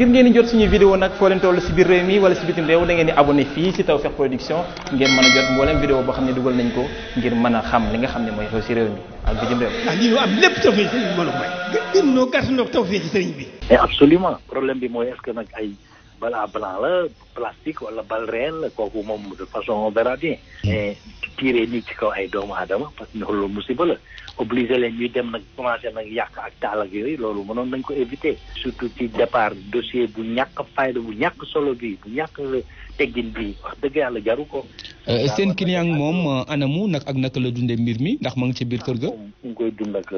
ngir ngeen di jot suñu vidéo nag foo leen toll si biir réew mi wala si bitim réew da di abonné fii si Tawfekh Production ngeen mën a jot mboolem vidéo boo xam ne dugal nañ ko ngir mën a xam li nga xam ne mooy xew si réew mi ak bitim réew. waaw ah, lii ñu am lépp tawfeex ci bi mbooloo mooy. gën noo gàtt noo tawfeex ci sëriñ bi. mais eh, absolument problème bi mooy est-ce que nag ay bala blanc la plastique wala bal réel kooku moom de façon on verra bien. Hmm. tiiree nii ci kaw ay doomu aadama parce que loolu musiba la obligé leen ñuy dem nag commencé nag yàq ak taal ak yooyu loolu mënoon nañ ko éviter. surtout ci départ dossier bu ñàkk fayda bu ñàkk solo bi bu ñàkk teggin bi wax dëgg yàlla jaru ko. Euh, seen client moom euh, anamu nag ak naka la dundee mbir mi ndax mu ngi ci biir kër ga. mu ngi koy dund ak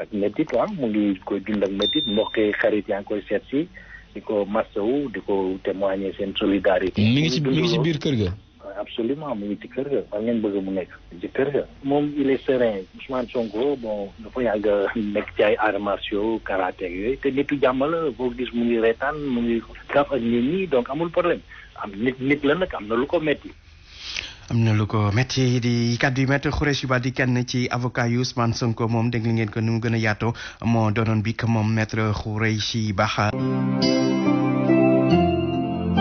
ak métit ah mu ngi koy dund ak euh, métit ah, mbokk xarit yaa ngi koy seet di ko masawu di ko témoigner seen solidarité. mi ngi ci mi ga. absolument mu ngi ci kër ga fan ngeen bëgg mu nekk ci kër ga moom il est serein Ousmane Sonko bon dafa yàgg nekk ci ay arts yooyu te nitu jàmm la boo gis mu ngi reetaan mu ngi kaf ak nit nit la nag am na lu ko metti am na lu ko métti di kàddu yi maître Khoureychi Ba di kenn ci avocat yu Ousmane Sonko moom dégg ngeen ko nu gën a yaatoo moo doonoon bi que moom maître Khoureychi Ba